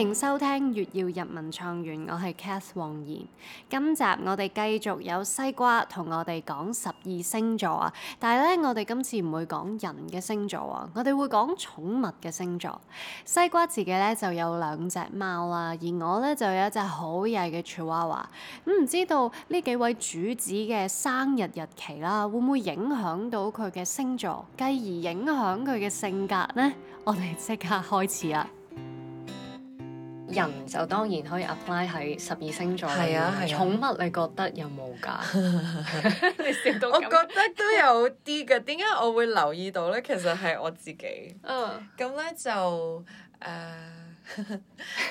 歡迎收聽《粵要日文唱完》，我係 Cath 黃妍。今集我哋繼續有西瓜同我哋講十二星座啊，但係咧我哋今次唔會講人嘅星座啊，我哋會講寵物嘅星座。西瓜自己咧就有兩隻貓啊，而我咧就有一隻好曳嘅 Chihuahua。咁唔知道呢幾位主子嘅生日日期啦，會唔會影響到佢嘅星座，繼而影響佢嘅性格呢？我哋即刻開始啦！人就當然可以 apply 喺十二星座係啊，係啊，寵物你覺得有冇㗎？我覺得都有啲㗎。點解我會留意到呢？其實係我自己。嗯、oh.。咁呢就誒，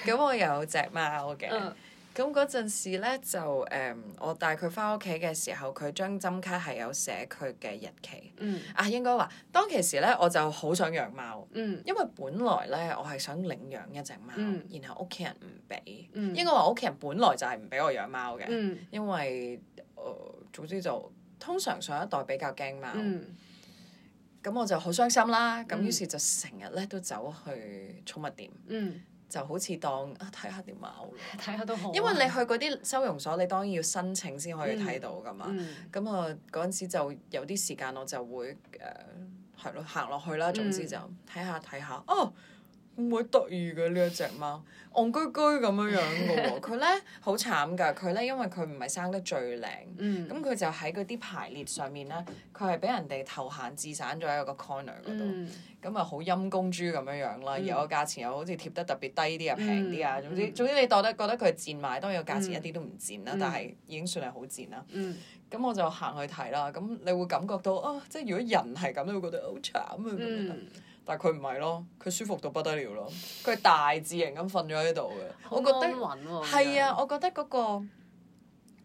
咁 我有隻貓嘅。Oh. 咁嗰陣時咧，就誒、嗯，我帶佢翻屋企嘅時候，佢張針卡係有寫佢嘅日期。嗯。啊，應該話當其時咧，我就好想養貓。嗯。因為本來咧，我係想領養一隻貓，嗯、然後屋企人唔俾。嗯。應該話，屋企人本來就係唔俾我養貓嘅。嗯、因為誒，總之就通常上一代比較驚貓。嗯。咁我就好傷心啦。咁於是就成日咧都走去寵物店。嗯。嗯。就好似當啊，睇下條貓睇下，都好，因為你去嗰啲收容所，你當然要申請先可以睇到㗎嘛。咁啊，嗰陣時就有啲時間，我就會誒係咯行落去啦。嗯、總之就睇下睇下哦。唔會得意嘅呢一隻貓，憨居居咁樣樣嘅喎。佢咧好慘㗎，佢咧因為佢唔係生得最靚，咁佢就喺嗰啲排列上面咧，佢係俾人哋投閒置散咗喺一個 corner 嗰度，咁啊好陰公豬咁樣樣啦。有個價錢又好似貼得特別低啲啊，平啲啊。總之總之你覺得覺得佢係賤賣，當然個價錢一啲都唔賤啦，但係已經算係好賤啦。咁我就行去睇啦。咁你會感覺到啊，即係如果人係咁，會覺得好慘啊咁樣。但佢唔係咯，佢舒服到不得了咯，佢係大自然咁瞓咗喺度嘅。啊、我覺得係啊，我覺得嗰個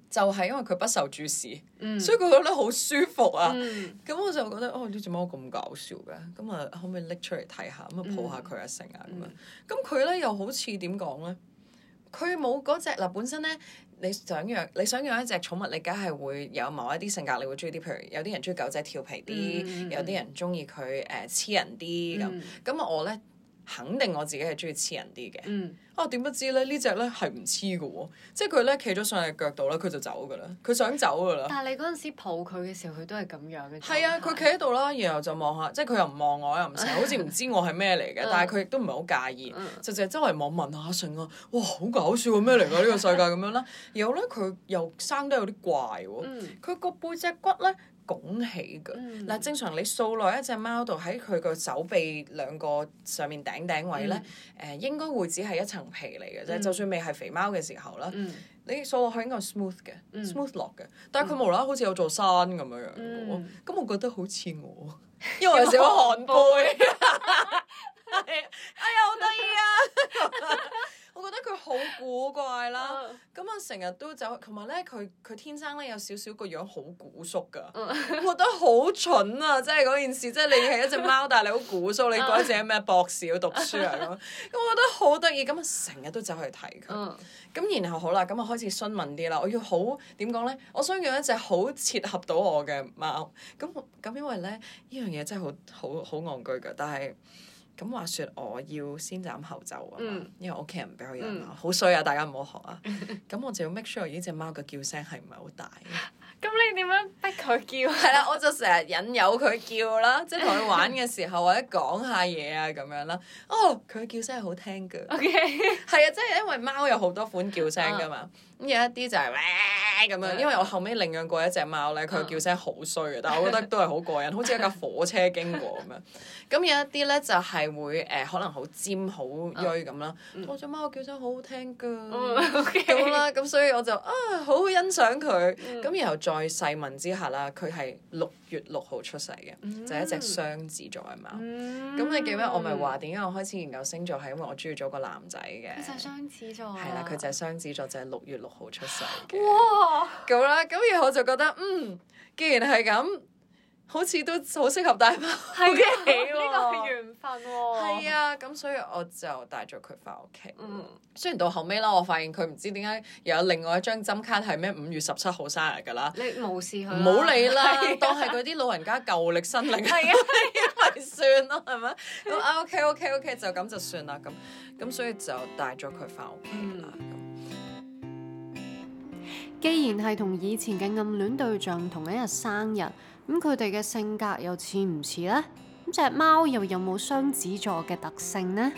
就係因為佢不受注視，嗯、所以佢覺得好舒服啊。咁、嗯、我就覺得哦，呢隻貓咁搞笑嘅，咁啊可唔可以拎出嚟睇下？咁啊抱下佢一成啊咁啊。咁佢咧又好似點講咧？佢冇嗰隻喇，本身呢，你想養你想養一隻寵物，你梗係會有某一啲性格，你會中意啲，譬如有啲人中意狗仔調皮啲，嗯、有啲人中意佢誒黐人啲咁。咁、嗯、我呢？肯定我自己係中意黐人啲嘅，嗯、啊點不知咧呢隻咧係唔黐嘅喎，即係佢咧企咗上去腳度咧，佢就走嘅啦，佢想走嘅啦。但係你嗰陣時抱佢嘅時候，佢都係咁樣嘅。係啊，佢企喺度啦，然後就望下，即係佢又唔望我，又唔成，好似唔知我係咩嚟嘅， 但係佢亦都唔係好介意， 就淨係周圍望問下阿成啊，哇，好搞笑啊，咩嚟㗎呢個世界咁樣啦。 然後咧佢又生得有啲怪喎，佢個、嗯、背脊骨咧。拱起嘅嗱，嗯、正常你掃落一隻貓度喺佢個手臂兩個上面頂頂位咧，誒、嗯、應該會只係一層皮嚟嘅啫。嗯、就算未係肥貓嘅時候啦，嗯、你掃落去應該 smooth 嘅，smooth 落嘅。嗯、但係佢無啦啦好似有座山咁樣、嗯嗯、樣嘅喎，咁我覺得好似我，因為我有少少寒背，哎呀好得意啊！ 覺得佢好古怪啦，咁啊成日都走，同埋咧佢佢天生咧有少少個樣好古縮噶，uh, 我覺得好蠢啊！即係嗰件事，即係你係一隻貓，但係你好古縮，你嗰陣喺咩博士度讀書啊咁、uh, 我覺得好得意，咁啊成日都走去睇佢，咁、uh, 然後好啦，咁啊開始詢問啲啦，我要好點講咧，我想養一隻好切合到我嘅貓，咁咁因為咧呢樣嘢真係好好好戇居噶，但係。咁話說我要先斬後奏啊嘛，因為屋企人唔俾我飲啊，好衰、嗯、啊！大家唔好學啊！咁我就要 make sure 呢隻貓嘅叫聲係唔係好大嘅。咁 你點樣逼佢叫？係啦， 我就成日引誘佢叫啦，即係同佢玩嘅時候或者講下嘢啊咁樣啦。哦，佢嘅叫聲係好聽㗎。OK，係 啊，即、就、係、是、因為貓有好多款叫聲㗎嘛。 啊咁有一啲就係、喂、咁樣，因為我後尾領養過一隻貓咧，佢叫聲好衰嘅，嗯、但係我覺得都係好過癮， 好似一架火車經過咁樣。咁有一啲咧就係會誒、呃，可能好尖好銳咁啦。我隻貓叫聲好好聽㗎，好啦、嗯，咁、okay，所以我就啊好欣賞佢。咁、嗯、然後再細問之下啦，佢係六。六月六號出世嘅，嗯、就係一隻雙子座嘅貓。咁、嗯、你記唔記得、嗯、我咪話點解我開始研究星座係因為我中意咗個男仔嘅？就雙子座，係啦，佢就係雙子座，就係、是、六月六號出世嘅。哇！咁啦，咁然後我就覺得，嗯，既然係咁。好似都好適合帶翻屋企喎，呢個係緣分喎。係啊，咁所以我就帶咗佢翻屋企。嗯，雖然到後尾啦，我發現佢唔知點解又有另外一張針卡係咩五月十七號生日㗎啦。你無視佢，唔好理啦，當係嗰啲老人家舊歷新曆，係啊，係咪算咯？係咪？咁啊 OK OK OK，就咁就算啦。咁咁所以就帶咗佢翻屋企啦。既然係同以前嘅暗戀對象同一日生日。咁佢哋嘅性格又似唔似呢？咁隻貓又有冇雙子座嘅特性呢？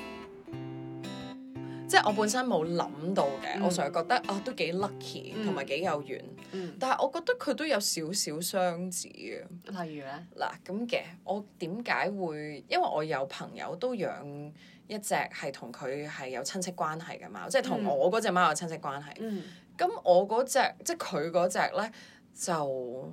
即係我本身冇諗到嘅，嗯、我成日覺得啊，都幾 lucky 同埋幾有緣。嗯嗯、但係我覺得佢都有少少雙子嘅。例如呢，嗱咁嘅，我點解會？因為我有朋友都養一隻，係同佢係有親戚關係嘅貓，即係同我嗰隻貓有親戚關係。嗯，咁、嗯、我嗰隻，即係佢嗰隻呢，就。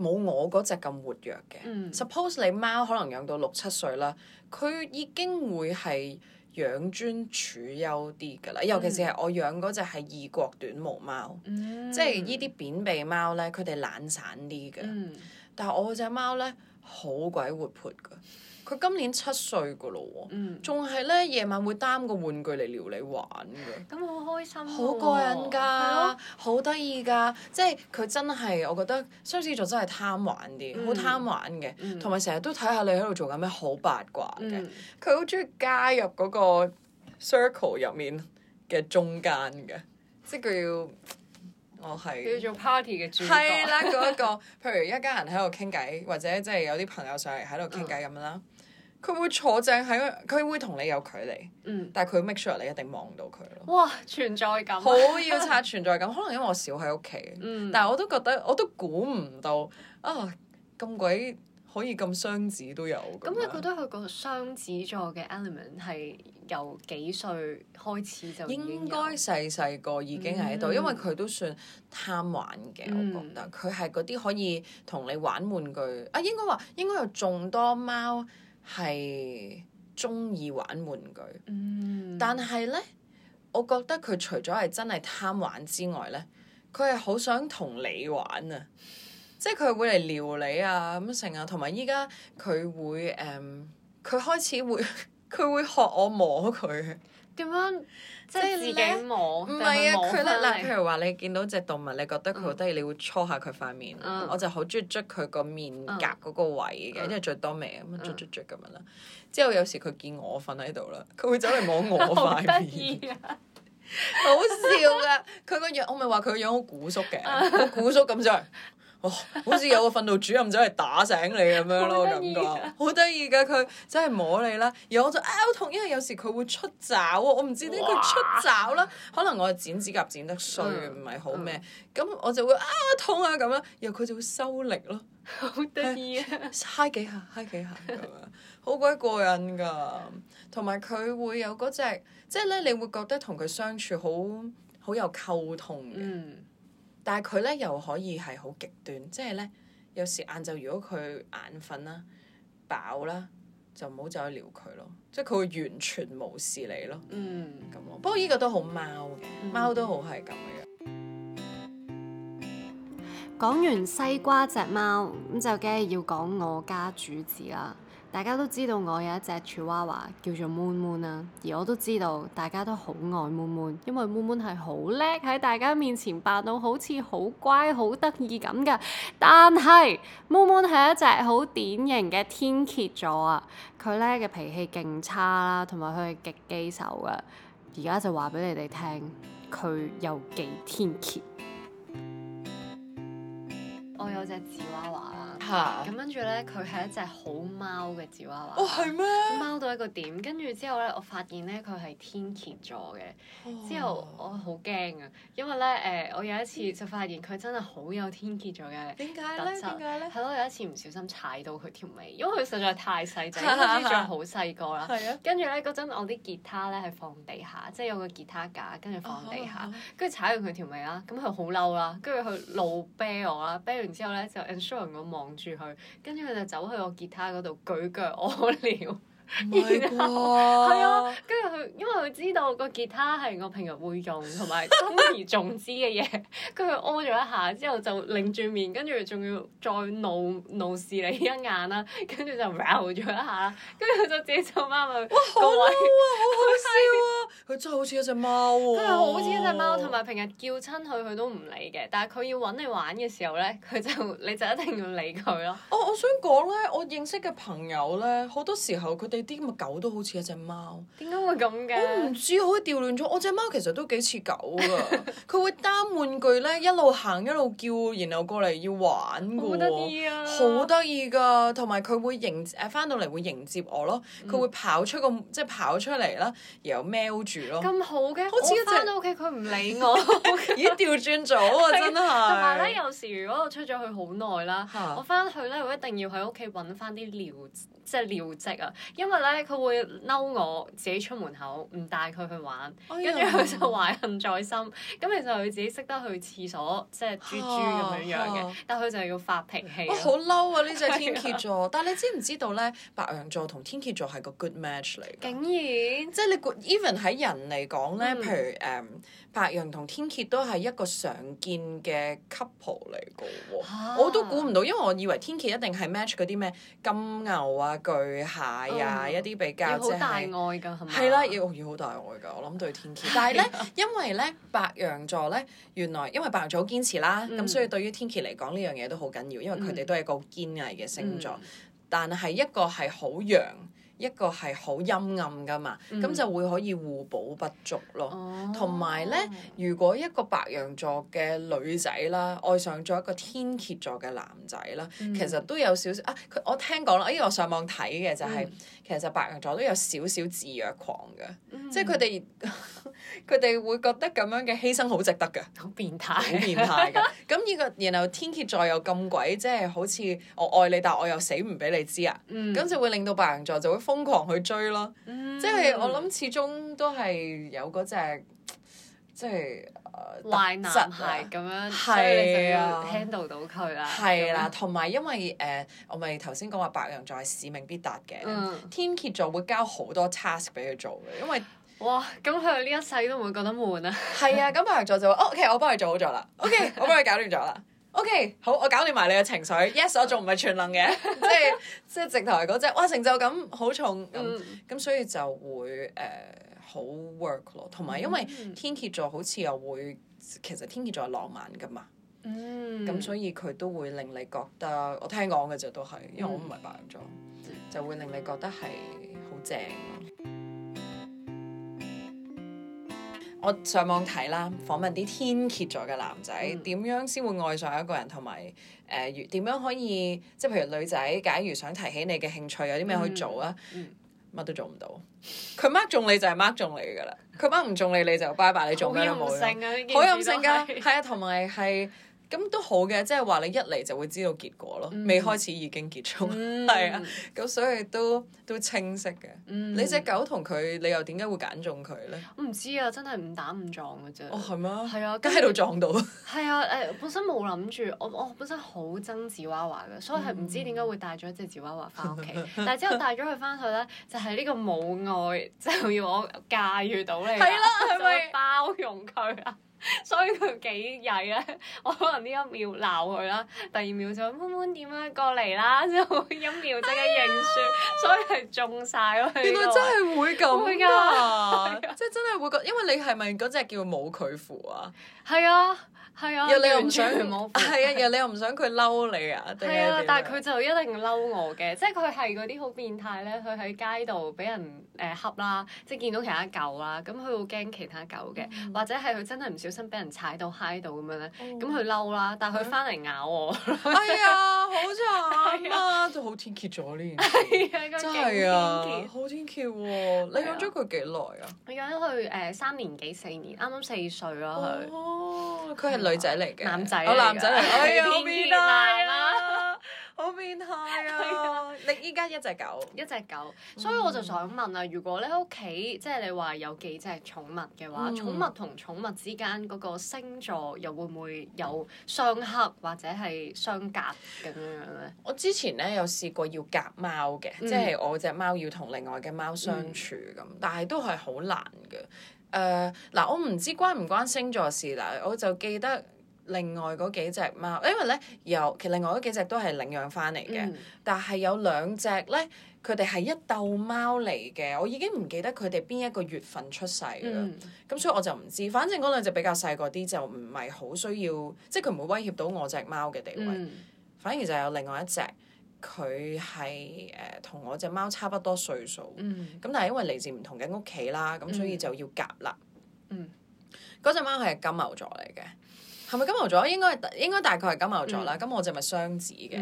冇我嗰隻咁活躍嘅。Mm. Suppose 你貓可能養到六七歲啦，佢已經會係養尊處優啲㗎啦。尤其是係我養嗰隻係異國短毛貓，mm. 即係呢啲扁鼻貓咧，佢哋懶散啲嘅。但係我隻貓咧，好鬼活潑㗎。佢今年七歲㗎咯喎，仲係咧，夜晚會擔個玩具嚟撩你玩嘅，咁好開心，啊，好過癮㗎，好得意㗎，即係佢真係我覺得雙子座真係貪玩啲，好、嗯、貪玩嘅，同埋成日都睇下你喺度做緊咩，好八卦嘅。佢好中意加入嗰個 circle 入面嘅中間嘅，即係佢要我係佢要做 party 嘅主角。係啦， 一、嗰個，譬如一家人喺度傾偈，或者即係有啲朋友上嚟喺度傾偈咁啦。 佢會坐正喺，佢會同你有距離，嗯、但係佢要 make sure 你一定望到佢咯。哇！存在感好要刷存在感， 可能因為我少喺屋企，嗯、但係我都覺得我都估唔到啊！咁鬼可以咁雙子都有咁，你覺得佢個雙子座嘅 element 係由幾歲開始就應該細細個已經喺度，嗯、因為佢都算貪玩嘅，我覺得佢係嗰啲可以同你玩玩，玩具啊，應該話應該有眾多貓。係中意玩玩具，嗯、但係咧，我覺得佢除咗係真係貪玩之外咧，佢係好想同你玩啊！即係佢會嚟撩你啊，咁成啊，同埋依家佢會誒，佢、嗯、開始會佢會學我摸佢嘅點樣。即係自己摸，唔係啊！佢咧，嗱，譬如話你見到隻動物，你覺得佢好得意，嗯、你會搓下佢塊面。嗯、我就好中意捽佢個面頰嗰個位嘅，嗯、因為著多味咁、嗯、樣捽捽捽咁樣啦。之後有時佢見我瞓喺度啦，佢會走嚟摸我塊面。 啊、 好笑噶的，佢個 樣，我咪話佢個樣好古縮嘅，好古縮咁樣。哦，oh, 好似有個訓導主任走嚟打醒你咁樣咯，感覺 好得意嘅。佢真係摸你啦，而我就拗、啊、痛，因為有時佢會出爪啊，我唔知點解佢出爪啦，哇可能我剪指甲剪得衰，唔係、嗯、好咩，咁、嗯、我就會啊痛啊咁樣，然後佢就會收力咯， 好得意趣啊 high 是 幾下 high 幾下咁樣，好鬼過癮噶，同埋佢會有嗰隻，即係咧你會覺得同佢相處好好有溝通嘅。嗯但係佢咧又可以係好極端，即係咧，有時晏晝如果佢眼瞓啦、飽啦，就唔好再撩佢咯，即係佢會完全無視你咯。嗯，咁咯。不過呢個都好貓嘅，貓都好係咁嘅樣。講完西瓜隻貓，咁就梗係要講我家主子啦。大家都知道我有一隻芝娃娃叫做 Moon Moon 啊。而我都知道大家都好愛 Moon Moon，因為 Moon Moon 係好叻喺大家面前扮到好似好乖好得意咁㗎。但係 Moon Moon 係一隻好典型嘅天蠍座啊，佢咧嘅脾氣勁差啦，同埋佢係極記仇嘅。而家就話俾你哋聽，佢又幾天蠍。我有隻芝娃娃啊！咁跟住咧，佢係一隻好貓嘅芝娃娃。哦，係咩？貓到一個點。跟住之後咧，我發現咧佢係天蠍座嘅。之後我好驚啊，因為咧誒，我有一次就發現佢真係好有天蠍座嘅特質。點解咧？點解咧？係咯，有一次唔小心踩到佢條尾，因為佢實在太細仔，天蠍好細個啦。跟住咧嗰陣，我啲吉他咧係放地下，即係有個吉他架，跟住放地下，跟住踩完佢條尾啦。咁佢好嬲啦，跟住佢怒啤我啦，啤完之後咧就 ensure 我望住佢，跟住佢就走去我吉他嗰度舉腳屙尿。 然後係啊，跟住佢，因為佢知道個吉他係我平日會用同埋珍而重之嘅嘢，跟住 O 咗一下，之後就擰住面，跟住仲要再怒怒視你一眼啦，跟住就 w 咗一下，跟住佢就自己走翻去。哇位好嬲啊！好好笑啊！佢真係好似一隻貓喎。跟住 好似一隻貓，同埋平日叫親佢，佢都唔理嘅。但係佢要揾你玩嘅時候咧，佢就你就一定要理佢咯。我我想講咧，我認識嘅朋友咧，好多時候佢哋。啲咁嘅狗都好似一隻貓，點解會咁嘅？我唔知，可能調亂咗。我隻貓其實都幾似狗噶，佢 會擔玩具咧，一路行一路叫，然後過嚟要玩噶喎，好得意噶。同埋佢會迎誒翻到嚟會迎接我咯，佢會跑出個、嗯、即係跑出嚟啦，然後喵住咯。咁好嘅，好似一我翻到屋企佢唔理我，咦？調轉咗啊！真係。同埋咧，有時如果我出咗去好耐啦， 我翻去咧，我一定要喺屋企揾翻啲尿，即係尿跡啊，因因為咧，佢會嬲我自己出門口唔帶佢去玩，跟住佢就懷恨在心。咁其實佢自己識得去廁所，即係豬豬咁樣樣嘅，啊、但佢就要發脾氣。我好嬲啊！呢隻、 啊、天蠍座，但係你知唔知道咧？白羊座同天蠍座係個 good match 嚟嘅。竟然！即係你 even 喺人嚟講咧，嗯、譬如誒，um, 白羊同天蠍都係一個常見嘅 couple 嚟嘅。啊、我都估唔到，因為我以為天蠍一定係 match 嗰啲咩金牛啊、巨蟹啊。啊係一啲比較係咪，係啦、嗯，要要好大愛噶。我諗對天蠍， 但係咧，因為咧，白羊座咧，原來因為白羊座好堅持啦，咁、嗯、所以對於天蠍嚟講呢樣嘢都好緊要，因為佢哋都係個堅毅嘅星座。嗯嗯、但係一個係好陽，一個係好陰暗噶嘛，咁、嗯、就會可以互補不足咯。同埋咧，如果一個白羊座嘅女仔啦，愛上咗一個天蠍座嘅男仔啦，嗯、其實都有少少啊。佢我聽講啦，因為，我上網睇嘅就係、是。嗯其實白羊座都有少少自虐狂嘅，嗯、即係佢哋佢哋會覺得咁樣嘅犧牲好值得嘅，好變態，好變態嘅。咁呢、 這個然後天蠍座又咁鬼，即、就、係、是、好似我愛你，但係我又死唔俾你知啊，咁、嗯、就會令到白羊座就會瘋狂去追咯。嗯、即係我諗始終都係有嗰隻即係。壞男孩咁樣，啊、所以你就要 handle 到佢啦。係啦樣，同埋因為誒，uh, 我咪頭先講話白羊座係使命必達嘅，嗯、天蠍座會交好多 task 俾佢做嘅，因為哇，咁佢呢一世都唔會覺得悶啊。係啊，咁白羊座就話，OK，我幫你做好咗啦，OK，我幫你搞掂咗啦，OK，好，我搞掂埋你嘅情緒。Yes，我仲唔係全能嘅，即係即係直頭係嗰隻，哇！成就感好重咁，咁、嗯、所以就會誒。Uh, 好 work 咯，同埋因為天蠍座好似又會，其實天蠍座係浪漫噶嘛，咁、嗯、所以佢都會令你覺得，我聽講嘅就都係，因為我唔係白羊座，嗯、就會令你覺得係好正。嗯、我上網睇啦，訪問啲天蠍座嘅男仔點、嗯、樣先會愛上一個人，同埋誒點樣可以，即係譬如女仔，假如想提起你嘅興趣，有啲咩可以做啊？嗯嗯乜都做唔到，佢 mark 中你就係 mark 中你㗎啦，佢 mark 唔中你你就拜拜。你做咩都冇啦。好任性噶，係啊，同埋係。是咁都好嘅，即係話你一嚟就會知道結果咯，mm. 未開始已經結束，係、mm. 啊，咁所以都都清晰嘅。Mm. 你隻狗同佢，你又點解會揀中佢呢？我唔知啊，真係誤打誤撞嘅啫。哦，係咩？係啊，街度撞到為。係啊，誒、嗯呃，本身冇諗住，我我本身好憎芝娃娃嘅，所以係唔知點解會帶咗隻芝娃娃翻屋企。 但係之後帶咗佢翻去呢，就係、是、呢個母愛就是、要我駕馭到你，係啦了，係咪包容佢啊？ 所以佢幾曳啊，我可能呢一秒鬧佢啦，第二秒就悶悶點樣過嚟啦，之後一秒即刻認輸，哎、呀所以係中晒咯。原來真係會咁㗎、啊，即係真係會覺，因為你係咪嗰隻叫冇佢符啊？係啊。係啊，你又唔想，佢冇？係啊，你又唔想佢嬲你啊？係啊，但係佢就一定嬲我嘅，即係佢係嗰啲好變態咧。佢喺街度俾人恰啦，即係見到其他狗啦，咁佢好驚其他狗嘅，或者係佢真係唔小心俾人踩到嗨到咁樣咧，咁佢嬲啦，但係佢翻嚟咬我。哎呀，好慘啊！都好天蠍咗呢，啊，真係啊，好天蠍喎！你養咗佢幾耐啊？我養咗佢誒三年幾四年，啱啱四歲咯，佢佢係兩女仔嚟嘅，我男仔嚟。哎呀，好變態啦！好變態啊！你依家一隻狗，一隻狗，所以我就想問啊，如果你喺屋企，即係你話有幾隻寵物嘅話，寵物同寵物之間嗰個星座又會唔會有相克或者係相隔咁樣樣咧？我之前咧有試過要夾貓嘅，即係我隻貓要同另外嘅貓相處咁，但係都係好難嘅。誒嗱，uh, 我唔知關唔關星座事喇，我就記得另外嗰幾隻貓，因為咧有其實另外嗰幾隻都係領養翻嚟嘅，嗯、但係有兩隻咧，佢哋係一竇貓嚟嘅，我已經唔記得佢哋邊一個月份出世啦，咁、嗯、所以我就唔知，反正嗰兩隻比較細個啲就唔係好需要，即係佢唔會威脅到我隻貓嘅地位，嗯、反而就有另外一隻。佢係誒同我隻貓差不多歲數，咁、mm. 但係因為嚟自唔同嘅屋企啦，咁所以就要夾啦。嗰隻、mm. 貓係金牛座嚟嘅，係咪金牛座？應該應該大概係金牛座啦。咁、mm. 我隻咪雙子嘅，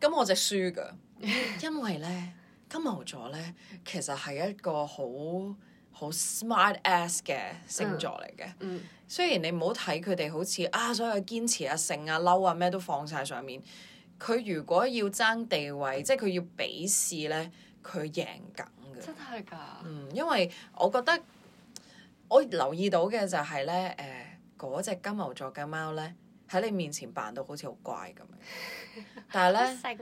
咁、mm. 我隻輸㗎， 因為呢，金牛座呢其實係一個好好 smart ass 嘅星座嚟嘅。嗯，mm. 雖然你唔好睇佢哋好似啊所有堅持啊性啊嬲啊咩都放晒上面。佢如果要爭地位，即係佢要鄙視咧，佢贏緊嘅。真係㗎。嗯，因為我覺得我留意到嘅就係、是、咧，誒嗰隻金牛座嘅貓咧，喺你面前扮到好似好乖咁，但係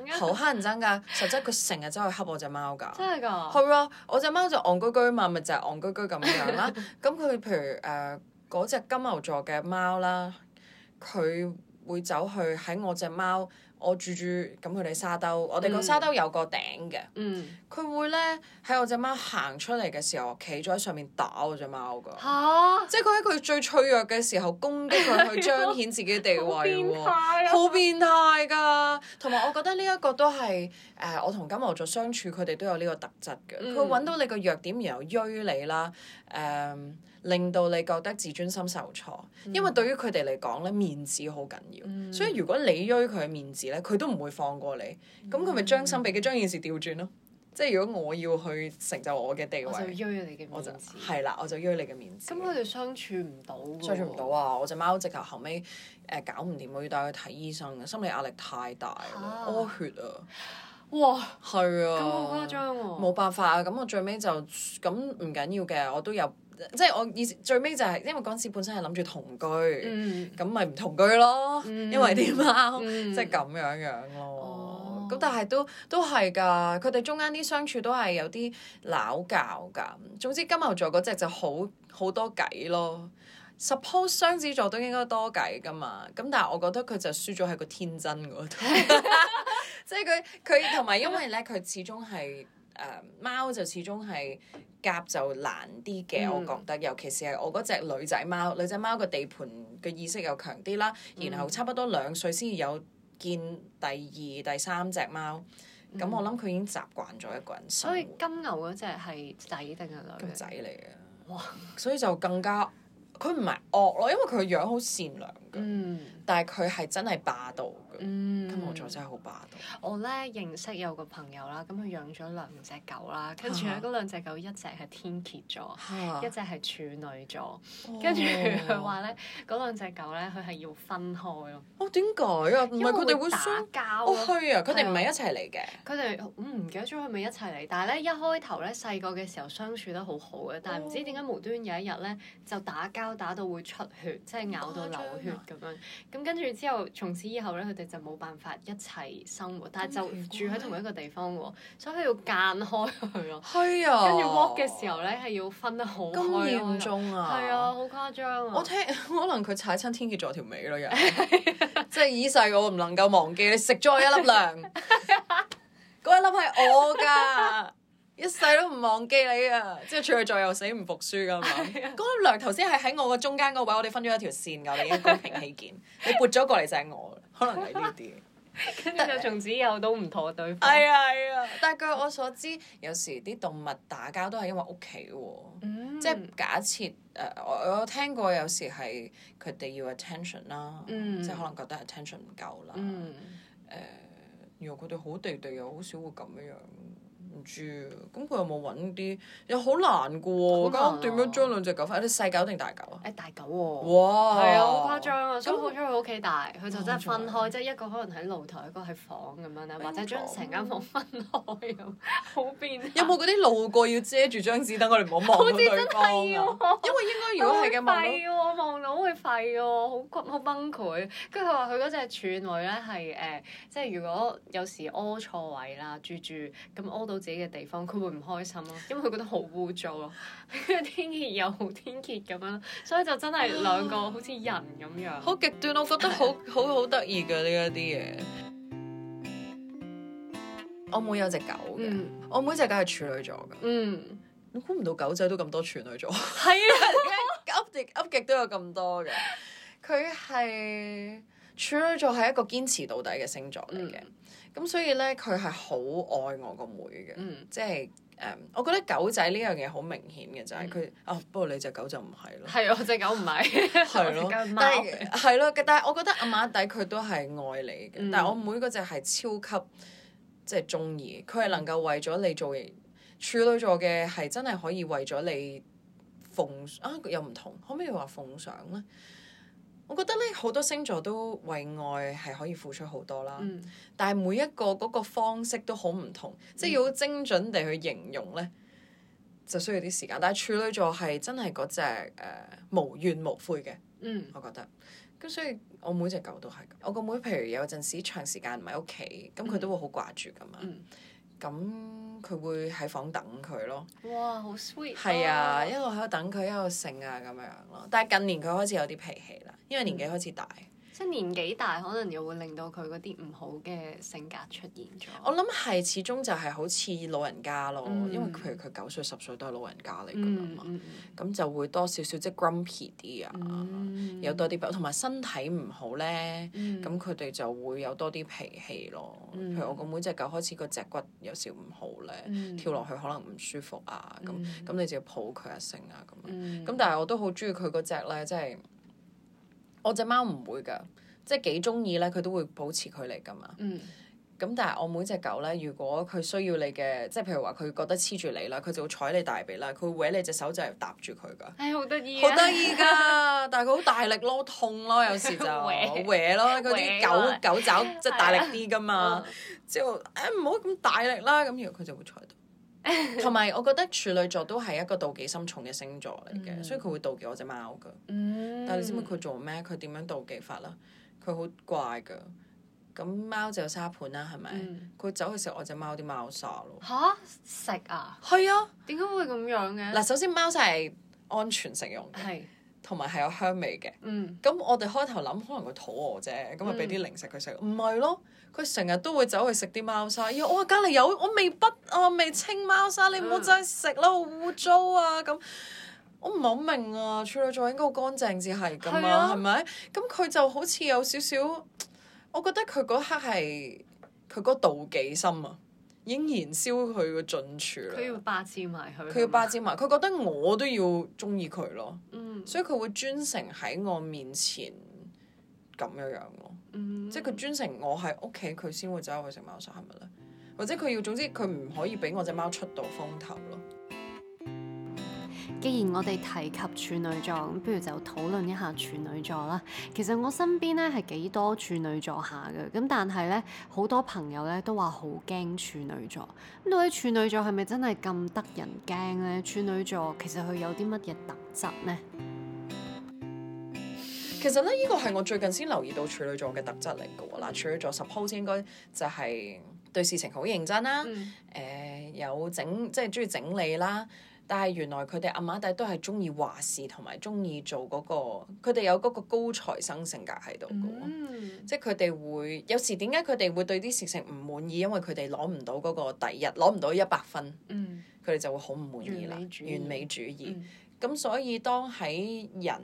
咧好乞人憎㗎，實質佢成日走去恰我隻貓㗎。 真係㗎。係啊，我隻貓就戇居居嘛，咪就係戇居居咁樣啦。咁佢 譬如誒嗰隻金牛座嘅貓啦，佢會走去喺我隻貓。我住住咁佢哋沙兜，我哋個沙兜有個頂嘅，佢、嗯、會咧喺我隻貓行出嚟嘅時候，企咗喺上面打我隻貓噶，嚇哈！即係佢喺佢最脆弱嘅時候攻擊佢， 去彰顯自己嘅地位， 好變態噶、啊，同埋 我覺得呢一個都係誒、呃，我同金毛在相處，佢哋都有呢個特質嘅，佢揾、嗯、到你個弱點然後追你啦。誒、um, 令到你覺得自尊心受挫，嗯、因為對於佢哋嚟講咧，面子好緊要，嗯、所以如果你虧佢面子咧，佢都唔會放過你。咁佢咪將心俾佢，將件事調轉咯，即係如果我要去成就我嘅地位，我就虧佢嘅面子，係啦，我就虧佢哋嘅面子。咁佢哋相處唔到，相處唔到啊！我隻貓直頭後尾誒、呃、搞唔掂，我要帶佢睇醫生，心理壓力太大啦，屙血啊！啊哇，係啊，咁誇張喎！冇辦法啊，咁我最尾就咁唔緊要嘅，我都有即係我以最尾就係、是，因為嗰陣時本身係諗住同居，咁咪唔同居咯，嗯、因為啲貓，嗯、即係咁樣樣咯。咁、哦、但係都都係㗎，佢哋中間啲相處都係有啲鬧交㗎。總之金牛座嗰隻就好好多計咯。suppose 雙子座都應該多計㗎嘛，咁但係我覺得佢就輸咗喺個天真嗰度，即係佢佢同埋因為咧佢始終係誒、呃、貓就始終係夾就難啲嘅，嗯、我覺得，尤其是係我嗰隻女仔貓，女仔貓個地盤嘅意識又強啲啦。然後差唔多兩歲先有見第二、第三隻貓，咁、嗯、我諗佢已經習慣咗一個人。所以金牛嗰隻係仔定係女？金仔嚟嘅，哇！所以就更加。佢唔係惡咯，因為佢個樣好善良嘅。嗯但係佢係真係霸道嘅，金牛座真係好霸道。我咧認識有個朋友啦，咁佢養咗兩隻狗啦，跟住咧嗰兩隻狗一隻係天蠍座，一隻係、啊、處女座，跟住佢話咧嗰兩隻狗咧佢係要分開咯。哦，點解、哦、啊？唔係佢哋會打交啊？去啊！佢哋唔係一齊嚟嘅。佢哋唔記得咗佢咪一齊嚟？但係咧一開頭咧細個嘅時候相處得好好嘅，但係唔知點解無端有一日咧就打交打到會出血，即係、嗯呃、咬到流血咁樣。咁跟住之後，從此以後咧，佢哋就冇辦法一齊生活，但係就住喺同一個地方喎，是是所以佢要間開佢咯。係啊，要 walk 嘅時候咧，係要分得好嚴重啊，係啊，好誇張啊！我聽，可能佢踩親天蠍座條尾咯，又即係以細我唔能夠忘記你食咗一粒糧，嗰一粒係我㗎。一世都唔忘記你啊！即係再再又死唔服輸㗎嘛！嗰粒糧頭先係喺我個中間個位，我哋分咗一條線㗎，為咗公平起見， 你撥咗過嚟就係我，可能係呢啲。 跟住就從此有都唔妥對方。係啊係啊！但據我所知，有時啲動物打交都係因為屋企喎，mm. 即係假設誒，我我聽過有時係佢哋要 attention 啦，mm. 即係可能覺得 attention 唔夠啦。誒，mm. uh, 原來佢哋好地地又好少會咁樣。住，咁佢有冇揾啲？又好難噶喎，啊，點樣將兩隻狗分？誒細狗定大、哎、大狗啊？誒大狗喎。哇！係啊，好誇張啊！咁好彩佢屋企大，佢、啊、就真係分開，即係在一個可能喺露台，一個喺房咁樣啦，啊、或者將成間房分開咁， 好變成。有冇嗰啲路過要遮住張紙等我哋唔好望到對方啊！因為應該如果係嘅話，會會吠喎，望到佢吠喎，好好崩潰。跟住佢話佢嗰隻串位咧係誒，即係如果有時屙錯位啦，住住咁屙到自己嘅地方，佢會唔開心咯，因為佢覺得好污糟咯，跟 住天氣又好天熱咁樣，所以就真係兩個好似人咁樣，好 極端。我覺得好 好好得意嘅呢一啲嘢、嗯。我妹有隻狗，嘅、嗯，我妹隻狗係處女座嘅，嗯，我估唔到狗仔都咁多處女座，係啊，極極都有咁多嘅，佢係。 處女座係一個堅持到底嘅星座嚟嘅，咁、嗯、所以咧佢係好愛我個妹嘅，即係誒，就是 um, 我覺得狗仔呢樣嘢好明顯嘅就係、是、佢，嗯、啊，不過你隻狗就唔係咯，係我隻狗唔係，係咯，但係咯，但係我覺得阿馬底佢都係愛你嘅，嗯、但係我妹嗰隻係超級即係中意，佢、就、係、是、能夠為咗你做嘢，處女座嘅係真係可以為咗你奉啊，又唔同，可唔可以話奉上咧？我覺得咧好多星座都為愛係可以付出好多啦，嗯、但係每一個嗰個方式都好唔同，嗯、即係要好精準地去形容咧，就需要啲時間。但係處女座係真係嗰隻誒無怨無悔嘅，嗯，我覺得。咁所以我每隻狗都係，我個妹妹譬如有陣時長時間唔喺屋企，咁佢都會好掛住噶嘛。嗯嗯咁佢會喺房等佢咯。哇，好 sweet！係啊，一路喺度等佢，一路性啊咁樣咯。但係近年佢開始有啲脾氣啦，因為年紀開始大。嗯即年紀大，可能又會令到佢嗰啲唔好嘅性格出現咗。我諗係始終就係好似老人家咯，嗯、因為譬如佢九歲十歲都係老人家嚟㗎嘛，咁就會多少少即係、就是、grumpy 啲啊，有多啲同埋身體唔好咧，咁佢哋就會有多啲脾氣咯。嗯、譬如我個妹隻狗開始個脊骨有少唔好咧，跳落去可能唔舒服啊，咁咁你就要抱佢一聲啊咁。咁但係我都好中意佢嗰隻咧，即係。我隻貓唔會㗎，即係幾中意咧，佢都會保持距離㗎嘛。咁、嗯、但係我每隻狗咧，如果佢需要你嘅，即係譬如話佢覺得黐住你啦，佢就會踩你大髀啦，佢會搲你隻手就係搭住佢噶。誒好得意！好得意㗎， 但係佢好大力咯，痛咯，有時就搲 挫咯，嗰啲狗狗爪即係大力啲㗎嘛。之後誒唔好咁大力啦，咁然後佢就會踩到。同埋， 我覺得處女座都係一個妒忌心重嘅星座嚟嘅，嗯、所以佢會妒忌我隻貓噶。嗯、但係你知唔知佢做咩？佢點樣妒忌法啦？佢好怪噶。咁貓就有沙盤啦、啊，係咪？佢走、嗯、去食我隻貓啲貓砂咯。吓、啊？食啊？係啊。點解會咁樣嘅？嗱，首先貓砂係安全食用嘅。同埋係有香味嘅，咁、嗯、我哋開頭諗可能佢肚餓啫，咁咪俾啲零食佢食。唔係、嗯、咯，佢成日都會走去食啲貓砂。咦，我話隔離有，我未畢，我未清貓砂，你唔好再食啦，好污糟啊！咁我唔明啊，處女座應該好乾淨至係㗎嘛，係咪、啊？咁佢就好似有少少，我覺得佢嗰刻係佢嗰妒忌心啊。已經燃燒佢個盡處啦！佢要霸佔埋佢，佢要霸佔埋佢，嗎覺得我都要中意佢咯，嗯、所以佢會專程喺我面前咁樣樣咯，嗯、即係佢專程我喺屋企，佢先會走去食貓砂，係咪咧？或者佢要，總之佢唔可以俾我隻貓出到風頭咯。既然我哋提及處女座，咁不如就討論一下處女座啦。其實我身邊咧係幾多處女座下嘅，咁但係咧好多朋友咧都話好驚處女座。咁到底處女座係咪真係咁得人驚咧？處女座其實佢有啲乜嘢特質咧？其實咧，實呢個係我最近先留意到處女座嘅特質嚟嘅喎。嗱，處女座十 h o s e 應該就係對事情好認真啦。誒、嗯呃，有整即係中意整理啦。但係原來佢哋阿媽底都係中意話事同埋中意做嗰、那個，佢哋有嗰個高才生性格喺度嘅，嗯、即係佢哋會有時點解佢哋會對啲事情唔滿意？因為佢哋攞唔到嗰個第一，攞唔到一百分，佢哋、嗯、就會好唔滿意啦。嗯、美完美主義，咁、嗯、所以當喺人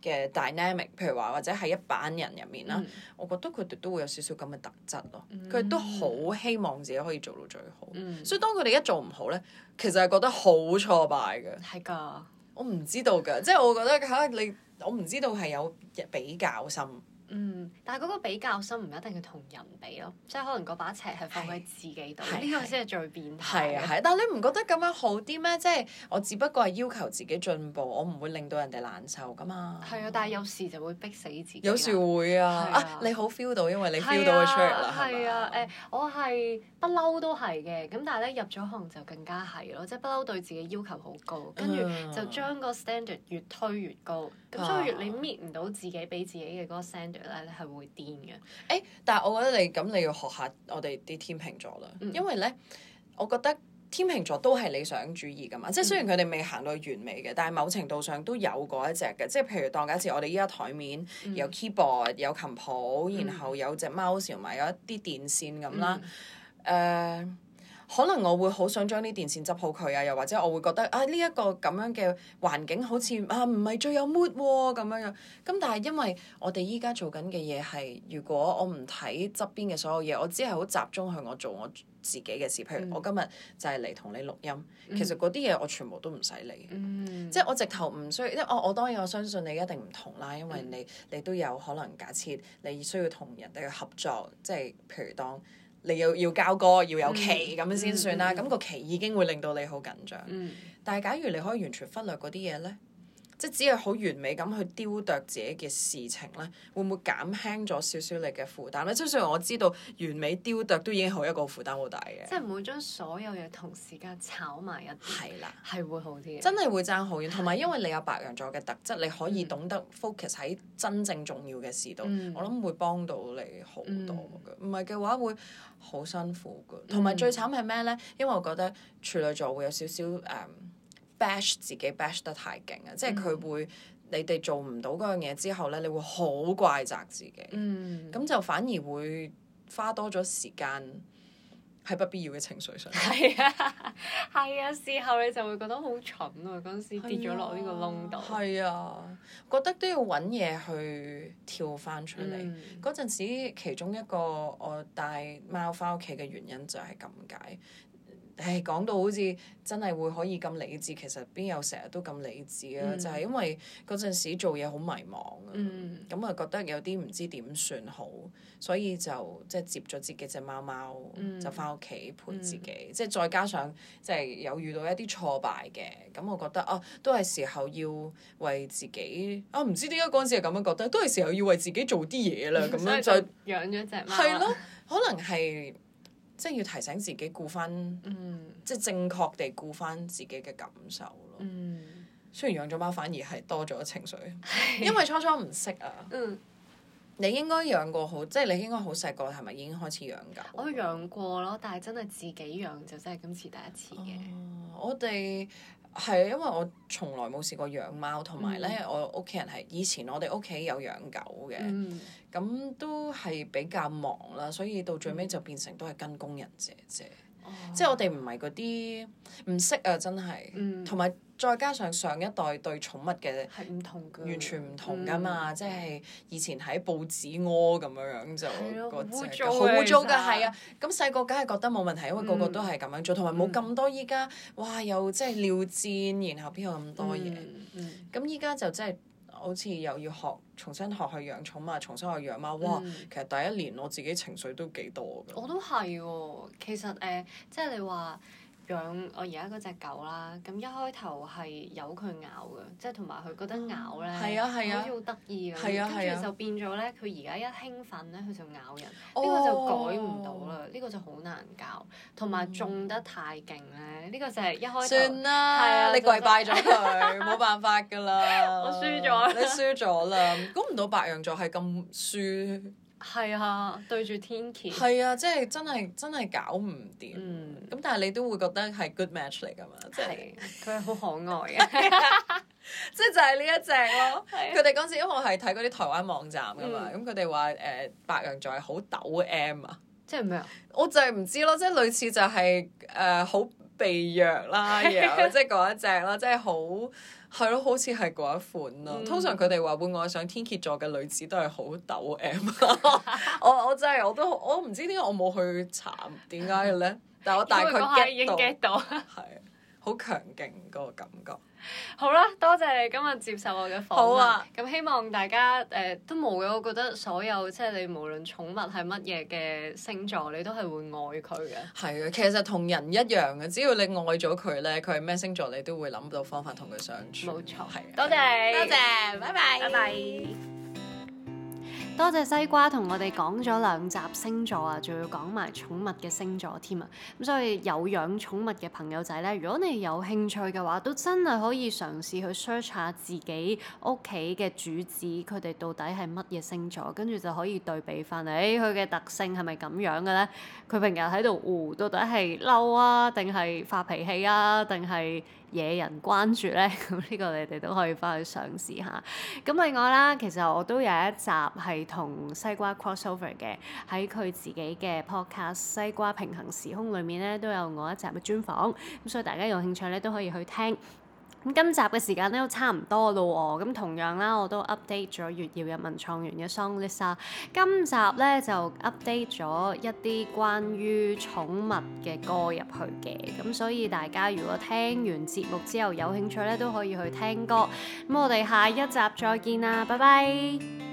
嘅 dynamic，譬如話或者係一班人入面啦，嗯、我覺得佢哋都會有少少咁嘅特質咯。佢哋、嗯、都好希望自己可以做到最好，嗯、所以當佢哋一做唔好咧，其實係覺得好挫敗嘅。係噶的，我唔知道嘅，即係我覺得嚇你，我唔知道係有比較心。嗯，但係個比較心唔一定要同人比咯是，即係可能嗰把尺係放喺自己度，呢個先係最變態嘅。係啊係，但係你唔覺得咁樣好啲咩？即係我只不過係要求自己進步，我唔會令到人哋難受噶嘛。係啊，但係有時就會逼死自己。有時會啊，啊，啊你好 feel 到，因為你 feel 到佢出嚟啦，係啊，誒吧、啊呃，我係不嬲都係嘅，咁但係咧入咗行就更加係咯，即係不嬲對自己要求好高，跟住就將個 standard 越推越高，咁、呃啊、所以越你 meet 唔到自己俾自己嘅個咧，你係會癲嘅。誒、欸，但係我覺得你咁，你要學下我哋啲天秤座啦。嗯、因為咧，我覺得天秤座都係理想主義噶嘛。即係雖然佢哋未行到完美嘅，但係某程度上都有嗰一隻嘅。即係譬如當緊一次，我哋依家台面、嗯、有 keyboard、有琴譜，然後有隻貓，同埋有一啲電線咁啦。誒。可能我會好想將啲電線執好佢啊，又或者我會覺得啊呢一、這個咁樣嘅環境好似啊唔係最有 mood 咁、啊、樣樣。咁但係因為我哋依家做緊嘅嘢係，如果我唔睇側邊嘅所有嘢，我只係好集中去我做我自己嘅事。譬、嗯、如我今日就係嚟同你錄音，其實嗰啲嘢我全部都唔使理。嗯、即係我直頭唔需要，即係我我當然我相信你一定唔同啦，因為你你都有可能假設你需要同人哋去合作，即係譬如當。你要要交歌要有期咁先算啦，咁、嗯、個期已經會令到你好緊張。嗯、但係假如你可以完全忽略嗰啲嘢呢？即係只係好完美咁去雕琢自己嘅事情呢，會唔會減輕咗少少你嘅負擔呢？即係雖然我知道完美雕琢都已經好一個負擔好大嘅。即係唔會將所有嘢同時間炒埋一齊。係啦，係會好啲。真係會爭好遠，同埋因為你有白羊座嘅特質，你可以懂得 focus 喺真正重要嘅事度。嗯、我諗會幫到你好多，唔係嘅話會好辛苦嘅。同埋最慘係咩呢？因為我覺得處女座會有少少誒。Um, bash 自己 bash 得太勁啊！嗯、即係佢會你哋做唔到嗰樣嘢之後咧，你會好怪責自己。嗯，咁就反而會花多咗時間喺不必要嘅情緒上。係啊，係啊，事後你就會覺得好蠢啊！嗰陣時跌咗落呢個窿度，係啊，啊，覺得都要搵嘢去跳翻出嚟。嗰陣、嗯、時，其中一個我帶貓翻屋企嘅原因就係咁解。唉，講到好似真係會可以咁理智，其實邊有成日都咁理智啊？嗯、就係因為嗰陣時做嘢好迷茫啊，咁啊、嗯、覺得有啲唔知點算好，所以就即係、就係、接咗自己隻貓貓，就返屋企陪自己。即係、嗯、再加上即係有遇到一啲挫敗嘅，咁我覺得啊，都係時候要為自己啊，唔知點解嗰陣時係咁樣覺得，都係時候要為自己做啲嘢啦，咁樣就，就養咗隻貓。係咯了， 可能係。即係要提醒自己顧翻，嗯、即係正確地顧翻自己嘅感受咯。嗯、雖然養咗貓反而係多咗情緒，的因為初初唔識啊。嗯、你應該養過好，即係你應該好細個係咪已經開始養㗎？我養過咯，但係真係自己養就真係今次第一次嘅、啊。我哋。係啊，因為我從來冇試過養貓，同埋咧我屋企人係以前我哋屋企有養狗嘅，咁、嗯、都係比較忙啦，所以到最尾就變成都係跟工人姐姐，嗯、即係我哋唔係嗰啲唔識啊，真係、嗯，同埋。再加上上一代對寵物嘅係唔同，完全唔同噶嘛。嗯、即係以前喺報紙屙咁樣樣就，好污糟嘅係啊，咁細個梗係覺得冇問題，因為個個都係咁樣做，同埋冇咁多依家，哇！又即係尿漬，然後邊有咁多嘢？咁依家就即係好似又要學重新學去養寵物，重新去養貓。嗯、哇！其實第一年我自己情緒都幾多㗎。我都係喎，其實誒、呃，即係你話。就是養我而家嗰隻狗啦，咁一開頭係由佢咬嘅，即係同埋佢覺得咬咧，係啊，係啊好得意嘅。跟住、啊啊、就變咗咧，佢而家一興奮咧，佢就咬人，呢、哦、個就改唔到啦，呢、呢個就好難搞。同埋縱得太勁咧，呢、呢個就係一開、嗯。算啦。係啊，你跪拜咗佢，冇 辦法㗎啦。 我輸咗了。 你輸咗啦，估唔到白羊座係咁輸。係啊，對住天蠍，係啊，即係真係真係搞唔掂。咁、嗯、但係你都會覺得係 good match 嚟㗎嘛？即係佢係好可愛嘅，即 係 就係呢一隻咯。佢哋嗰陣時，因為我係睇嗰啲台灣網站㗎嘛，咁佢哋話誒白羊座係好抖 M 啊。即係咩啊？我就係唔知咯，即係類似就係誒好。呃被虐啦，然後 即係嗰一隻啦，即係好係咯，好似係嗰一款咯。通常佢哋話會愛上天蠍座嘅女子都係好抖 M。 我我真係我都我唔知點解我冇去查點解嘅咧，但係我大概佢 get, get, get 到，係好 強勁嗰個感覺。好啦，多謝你今日接受我嘅訪問。好啊，咁希望大家誒、呃、都冇嘅，我覺得所有即係你無論寵物係乜嘢嘅星座，你都係會愛佢嘅。係啊，其實同人一樣嘅，只要你愛咗佢咧，佢係咩星座你都會諗到方法同佢相處。冇錯，係啊。多謝，多謝，拜拜，拜拜。多謝西瓜同我哋講咗兩集星座啊，仲要講埋寵物嘅星座添啊！咁、嗯、所以有養寵物嘅朋友仔咧，如果你有興趣嘅話，都真係可以嘗試去 search 下自己屋企嘅主子，佢哋到底係乜嘢星座，跟住就可以對比翻嚟，哎、佢嘅特性係咪咁樣嘅咧？佢平日喺度胡，到底係嬲啊，定係發脾氣啊，定係？野人關注咧，咁呢個你哋都可以翻去嘗試下。咁另外啦，其實我都有一集係同西瓜 cross over 嘅，喺佢自己嘅 podcast 西瓜平衡時空裏面咧，都有我一集嘅專訪，咁所以大家有興趣咧都可以去聽。咁今集嘅時間咧都差唔多咯喎，咁同樣啦，我都 update 咗月曜日文創園嘅 song list 啊。今集咧就 update 咗一啲關於寵物嘅歌入去嘅，咁所以大家如果聽完節目之後有興趣咧，都可以去聽歌。咁我哋下一集再見啦，拜拜。